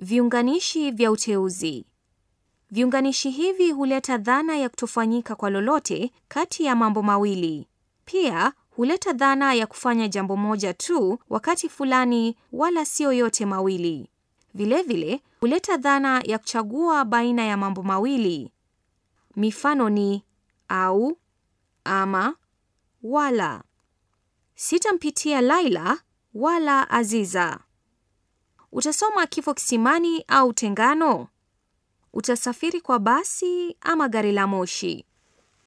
Viunganishi vya uteuzi. Viunganishi hivi huleta dhana ya kutofanyika kwa lolote kati ya mambo mawili. Pia huleta dhana ya kufanya jambo moja tu wakati fulani, wala sio yote mawili. Vilevile huleta dhana ya kuchagua baina ya mambo mawili. Mifano ni au, ama, wala. Sitampitia Laila wala Aziza. Utasoma Kifo Kisimani au Tengano? Utasafiri kwa basi ama gari la moshi?